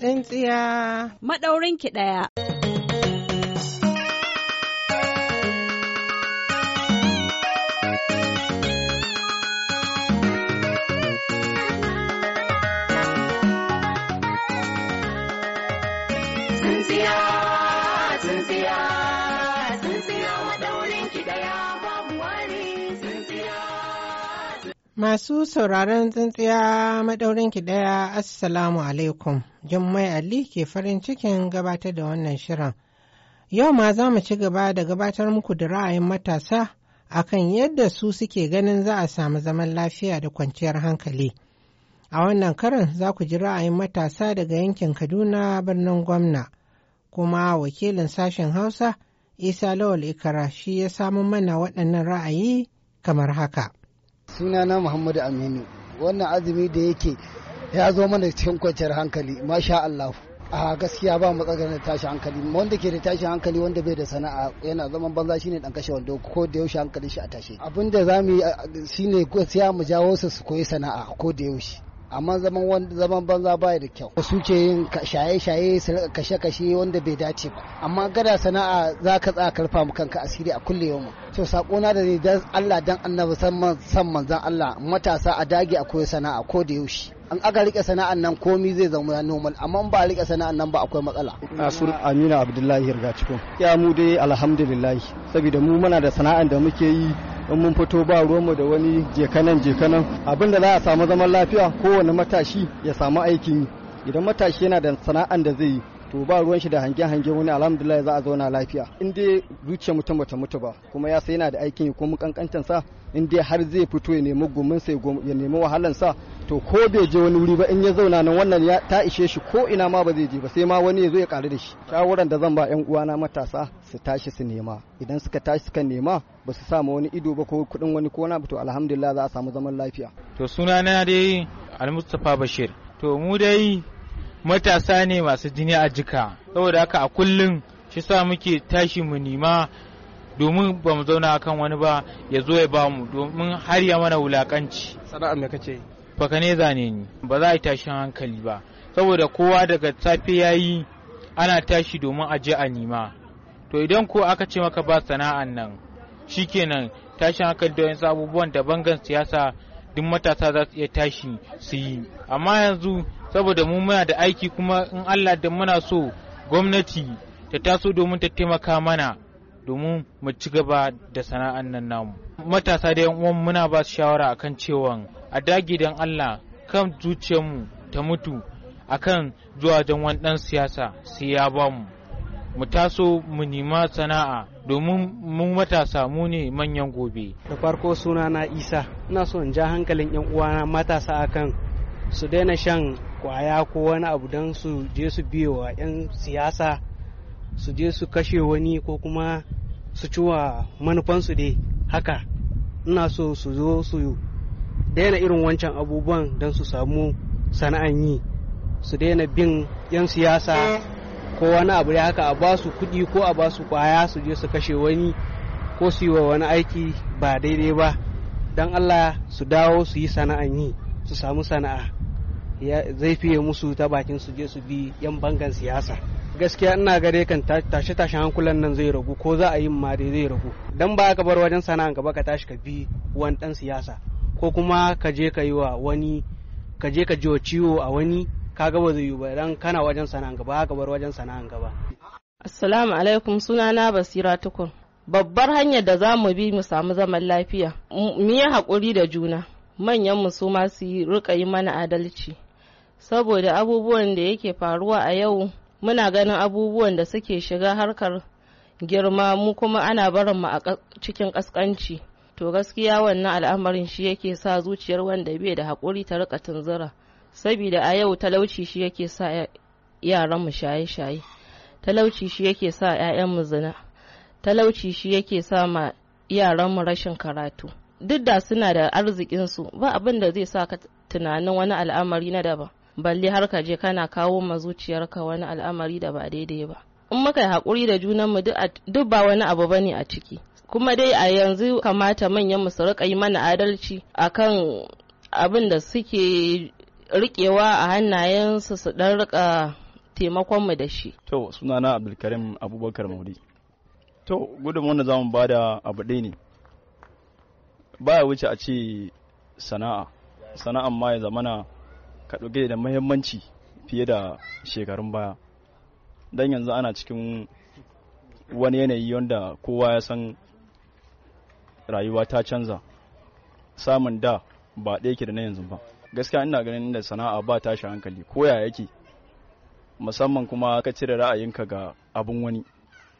Tsintsiya. Maɗaurin ki ɗaya. Cynthia, Masu sauraron tsintsiya madaurin ki ɗaya Assalamu alaikum, Jummai Ali ke farin cikin gabatar da wannan shirin. Yau ma za mu ci gaba da gabatar muku da ra'ayin matasa a kan yadda su suke ganin za a samu zaman lafiya da kwanciyar hankali. A wannan karan za ku ji ra'ayin matasa daga yankin Kaduna birnin gwamna, kuma wakilin sashen Hausa Isa Lawal Ikara shi ya samu mana waɗannan ra'ayi kamar haka. sunana muhammadu aminu wannan azumi da yake ya zo mana cikin kwanciyar hankali masha Allah a gaskiya ba matsalar tashi hankali wanda ke da tashi hankali wanda bai da sana'a yana zaman banza shine dan kashe wando ko da yaushe hankalin shi a tashi abinda zamu yi shine ko sai mu jawo su su koyi sana'a ko da yaushe amma zaman wanda zaman banza ba da kyau su ke yin shaye-shaye su rika kashe-kashe wanda bai dace ba amma gada sana'a za ka tsaya karfa mu kanka asiri a kulle yau to na da ni dan Allah dan annabi san manzan Allah matasa a dage a sana'a ko da yaushe an aka rike sana'an nan komi zai zama normal amma ba rike sana'an nan ba akwai matsala nasur amina abdullahi riga cikin ya mu dai alhamdulillah saboda mu muna da sana'an da muke yi in mun fito ba ruwanmu da wani jekanan jekanan abin da za a samu zaman lafiya kowane matashi ya samu aikin yi idan matashi yana da sana'an da zai yi to ba ruwan shi da hange hange wani alhamdulillah za a zauna lafiya in dai zuciya mutum bata mutu ba kuma ya sai yana da aikin yi kuma kankantan sa in dai har zai fito ya nemi gumin sa ya nemi wahalan sa to ko bai je wani wuri ba in ya zauna nan wannan ya ta ishe shi ko ina ma ba zai je ba sai ma wani ya zo ya karu da shi shawaran da zan ba yan uwana matasa su tashi su nema idan suka tashi suka nema ba su samu wani ido ba ko kudin wani kona ba to alhamdulillah za a samu zaman lafiya to suna na dai almustafa bashir to mu dai matasa ne masu jini a jika saboda haka a kullum shi sa muke tashi mu nema domin ba mu zauna kan wani ba ya zo ya ba mu domin har ya mana wulakanci sana'a me kace baka ne zane ni ba za a yi tashin hankali ba saboda kowa daga safe ya yi ana tashi domin a je a nima to idan ko aka ce maka ba sana'an nan shi shikenan tashin hankali da wasu abubuwan da bangan siyasa duk matasa za su iya tashi su yi amma yanzu saboda mu muna da aiki kuma in allah da muna so gwamnati ta taso domin ta taimaka mana domin mu ci gaba da sana'an nan namu matasa da uwan muna ba su shawara akan cewa a dagi don Allah kan zuciyarmu ta mutu akan zuwa don wani ɗan siyasa sai ya ba mu mu taso mu nima sana'a domin mu matasa mu ne manyan gobe da farko suna na isa ina so in ja hankalin yan uwana matasa akan su daina shan kwaya ko wani abu don su je su biyo wa yan siyasa su je su kashe wani ko kuma su ciwa manufansu dai haka ina so su zo su daina irin wancan abubuwan don su samu sana'an yi su daina bin 'yan siyasa ko wani abu da haka a ba su kuɗi ko a ba su kwaya su je su kashe wani ko su yi wa wani aiki ba daidai ba don allah su dawo su yi sana'an yi su samu sana'a zai fiye musu ta bakin su je su bi 'yan bangan siyasa gaskiya ina gare kan tashi tashi hankulan nan zai ragu ko za a yi ma dai zai ragu dan ba ka bar wajen sana'an gaba ka tashi ka bi wani dan siyasa ko kuma ka je ka yi wa wani ka je ka ji ciwo a wani ka ga ba zai yi ba dan kana wajen sana'an gaba ka bar wajen sana'an gaba assalamu alaikum sunana basira tukun babbar hanyar da za mu bi mu samu zaman lafiya mu yi haƙuri da juna manyan mu su ma su rika yi mana adalci saboda abubuwan da yake faruwa a yau muna ganin abubuwan da suke shiga harkar girma mu kuma ana barin mu a cikin ƙasƙanci to gaskiya wannan al'amarin shi yake sa zuciyar wanda bai da haƙuri ta rika tunzura sabida a yau talauci shi yake sa yaran mu shaye-shaye talauci shi yake sa 'ya'yan mu zina talauci shi yake sa ma yaran mu rashin karatu duk da suna da arzikinsu ba abin da zai sa ka tunanin wani al'amari na daban balle har ka je kana kawo ma zuciyarka wani al'amari da ba daidai ba in muka yi hakuri da junanmu duk ba wani abu bane a ciki kuma dai a yanzu kamata manyan mu su rika yi mana adalci akan abin da suke rikewa a hannayensu su dan rika taimakon mu da shi to sunana abdulkarim abubakar maudi to gudun wanda zamu bada abu ɗaya ne baya wuce a ce sana'a sana'an ma ya zamana ka ɗauke da mahimmanci fiye da shekarun baya don yanzu ana cikin wani yanayi wanda kowa ya san rayuwa ta canza samun da ba ɗaya ke da na yanzu ba gaskiya ina ganin da sana'a ba tashi hankali ko ya yake musamman kuma ka cire ra'ayinka ga abin wani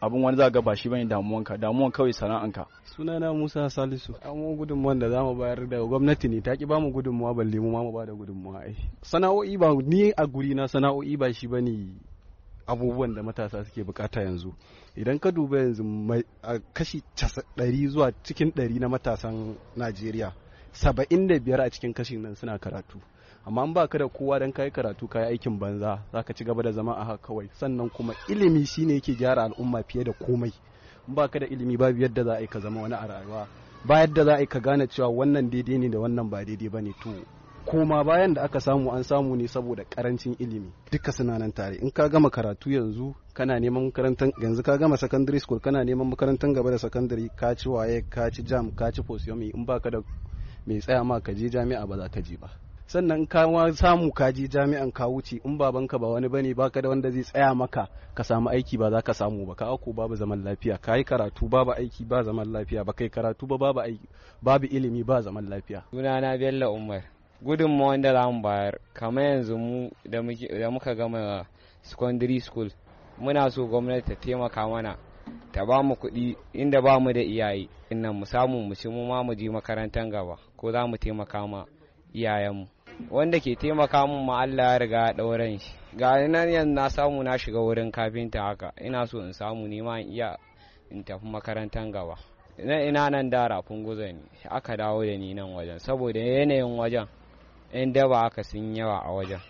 abin wani za ga ba shi bane damuwanka damuwan kawai sana'anka sunana Musa Salisu amma gudunmuwan da zamu bayar da gwamnati ne ta ki ba mu gudunmuwa balle mu ma mu ba da gudunmuwa ai sana'o'i ba ni a guri na sana'o'i ba shi bane abubuwan da matasa suke bukata yanzu idan ka duba yanzu kashi 100 zuwa cikin 100 na matasan Najeriya da biyar a cikin kashin nan suna karatu amma in ka da kowa don kayi karatu kai aikin banza za ka ci gaba da zama a haka kawai sannan kuma ilimi shine yake gyara al'umma fiye da komai ba ka da ilimi babu yadda za a yi ka zama wani a rayuwa ba yadda za a yi ka gane cewa wannan daidai ne da wannan ba daidai bane to koma bayan da aka samu an samu ne saboda karancin ilimi duka suna nan tare in ka gama karatu yanzu kana neman makarantar yanzu ka gama secondary school kana neman makarantar gaba da secondary ka ci waye ka ci jam ka ci post in baka da mai tsaya ma ka je jami'a ba za ka je ba sannan ka samu kaji jami'an ka wuce in babanka ba wani bane baka da wanda zai tsaya maka ka samu aiki ba za ka samu ba ka ako babu zaman lafiya ka yi karatu babu aiki ba zaman lafiya ba kai karatu ba babu aiki babu ilimi ba zaman lafiya sunana bello umar mu wanda za mu bayar kamar yanzu mu da muka gama secondary school muna so gwamnati ta taimaka mana ta ba mu kuɗi inda ba mu da iyaye innan mu samu mu ci mu ma mu je makarantar gaba ko za mu taimaka ma iyayenmu wanda ke taimaka min ma Allah ya riga ya ɗauran shi ga nan yanzu na samu na shiga wurin kafinta haka ina so in samu ne ma iya in tafi makarantar gaba ina ina nan da rafin guza aka dawo da ni nan wajen saboda yanayin wajen in ba aka sun yawa a wajen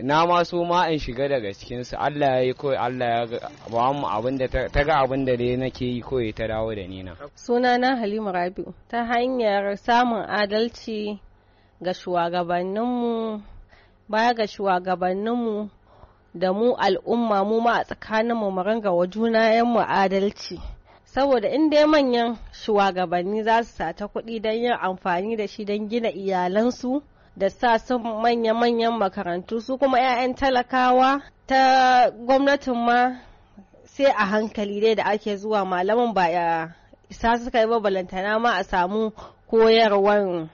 na ma so ma in shiga daga cikinsu Allah ya yi ko Allah ya ba mu abin da ta ga abin da dai nake yi kawai ta dawo da ni na sunana Halima Rabi'u ta hanyar samun adalci ga shugabanninmu baya ga shugabanninmu da mu al'umma mu ma a tsakaninmu mu ringa wa juna mu adalci saboda in dai manyan shugabanni za su sata kuɗi don yin amfani da shi don gina iyalansu da sa su manya-manyan makarantu su kuma 'ya'yan talakawa ta gwamnatin ma sai a hankali dai da ake zuwa malamin ba ya isa suka yi balantana ma a samu koyarwar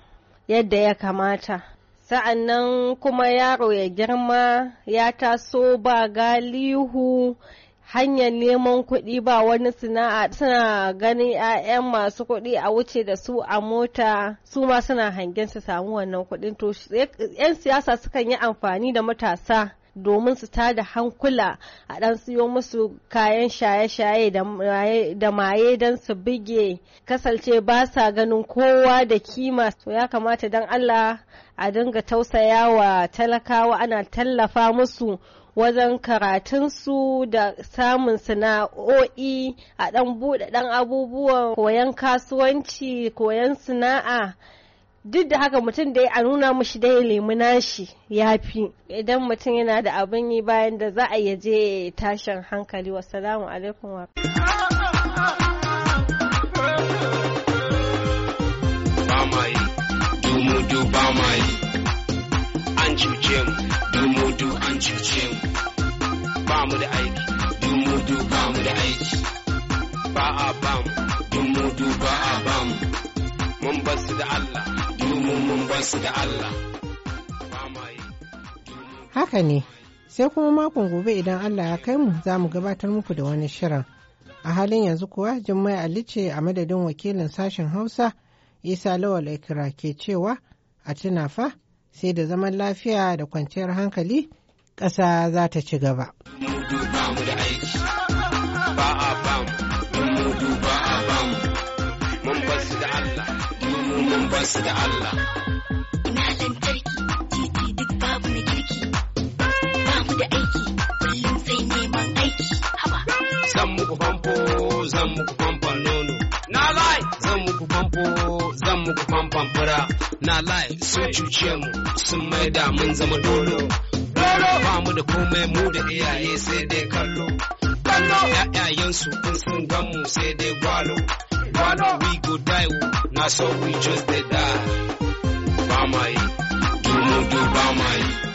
yadda ya kamata sa'an nan kuma yaro ya girma ya taso ba galihu hanyar neman kuɗi ba wani sana'a suna ganin 'ya'yan masu kuɗi a wuce da su a mota su ma suna hangen su samu wannan kuɗin to 'yan siyasa sukan yi amfani da matasa domin su ta da hankula a ɗan siyo musu kayan shaye-shaye da maye don su bige kasance ba sa ganin kowa da kima to ya kamata don Allah a dinga tausaya wa talakawa ana tallafa musu wajen karatunsu da samun sana'o'i a ɗan buɗe ɗan abubuwan koyan kasuwanci koyon sana'a duk da haka mutum da ya a nuna da ya lemu nashi ya fi idan mutum yana da abin yi bayan da za a iya je tashin hankali wasalamu alaikum wa mun basu da Allah Haka ne, sai kuma makon gobe idan Allah ya kai mu za mu gabatar muku da wani shirin. A halin yanzu kuwa Jummai alice ce a madadin wakilin sashen Hausa Isa Lawal Ikira ke cewa a tuna fa sai da zaman lafiya da kwanciyar hankali ƙasa za ta ci gaba. mu da aiki ba a ba mu, mun a da Allah. mun su da Allah. Ina lantarki titi duk babu na kirki. Ba mu da aiki kullum sai neman aiki. Haba. Zan muku famfo zan muku famfon nono. Na lai zan muku famfo zan muku famfon fura. Na lai sun cuce mu sun maida mun zama dolo. Dolo ba mu da komai mu da iyaye sai dai kallo. Kallo 'ya'yayensu in sun gan mu sai dai gwalo. One we go die, oh. now so we just dey die. Bamai, do do bamai.